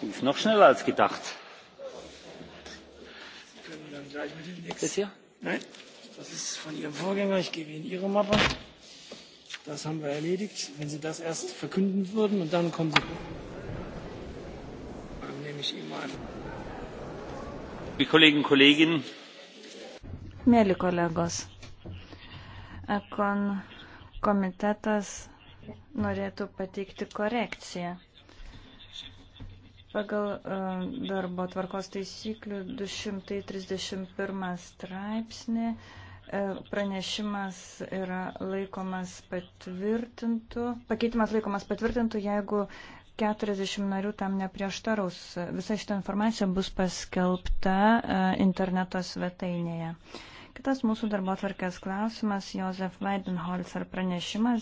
Sie ist noch schneller als gedacht. Wir können dann gleich mit dem nächsten. Das hier? Nein, das ist von Ihrem Vorgänger. Ich gebe Ihnen Ihre Mappe. Das haben wir erledigt. Wenn Sie das erst verkünden würden und dann kommen Sie. Dann nehme ich Ihnen mal an. Liebe Kolleginnen und Kollegen. Mėly kolegos, Ekon komitetas norėtų pateikti korekciją. Pagal e, darbo tvarkos taisyklių 231 straipsnį e, pranešimas yra laikomas patvirtintų, pakeitimas laikomas patvirtintų, jeigu 40 narių tam neprieštaraus. Visa šitą informaciją bus paskelbta e, interneto svetainėje. Kitas mūsų darbo tvarkės klausimas, Josef Weidenholzer pranešimas.